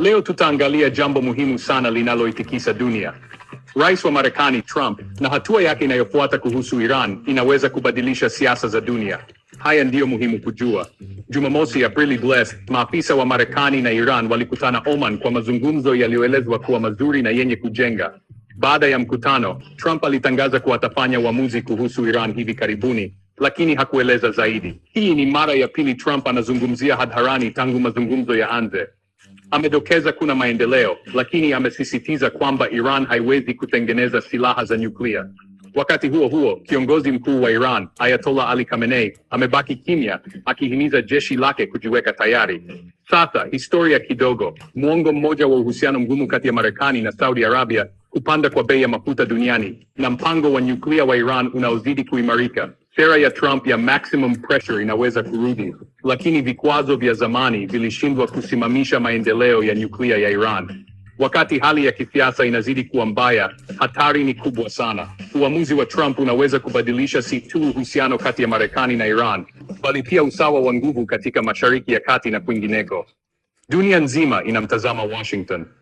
Leo tutaangalia jambo muhimu sana linaloitikisa dunia. Rais wa Marekani Trump na hatua yake inayofuata kuhusu Iran inaweza kubadilisha siasa za dunia. Haya ndiyo muhimu kujua. Jumamosi, Aprili bles, maafisa wa Marekani na Iran walikutana Oman kwa mazungumzo yaliyoelezwa kuwa mazuri na yenye kujenga. Baada ya mkutano, Trump alitangaza kuwa atafanya uamuzi kuhusu Iran hivi karibuni, lakini hakueleza zaidi. Hii ni mara ya pili Trump anazungumzia hadharani tangu mazungumzo yaanze. Amedokeza kuna maendeleo, lakini amesisitiza kwamba Iran haiwezi kutengeneza silaha za nyuklia. Wakati huo huo, kiongozi mkuu wa Iran Ayatollah Ali Khamenei amebaki kimya akihimiza jeshi lake kujiweka tayari. Sasa historia kidogo. Mwongo mmoja wa uhusiano mgumu kati ya Marekani na Saudi Arabia, kupanda kwa bei ya mafuta duniani na mpango wa nyuklia wa Iran unaozidi kuimarika. Sera ya Trump ya maximum pressure inaweza kurudi, lakini vikwazo vya zamani vilishindwa kusimamisha maendeleo ya nyuklia ya Iran. Wakati hali ya kisiasa inazidi kuwa mbaya, hatari ni kubwa sana. Uamuzi wa Trump unaweza kubadilisha si tu uhusiano kati ya Marekani na Iran, bali pia usawa wa nguvu katika Mashariki ya Kati na kwingineko. Dunia nzima inamtazama Washington.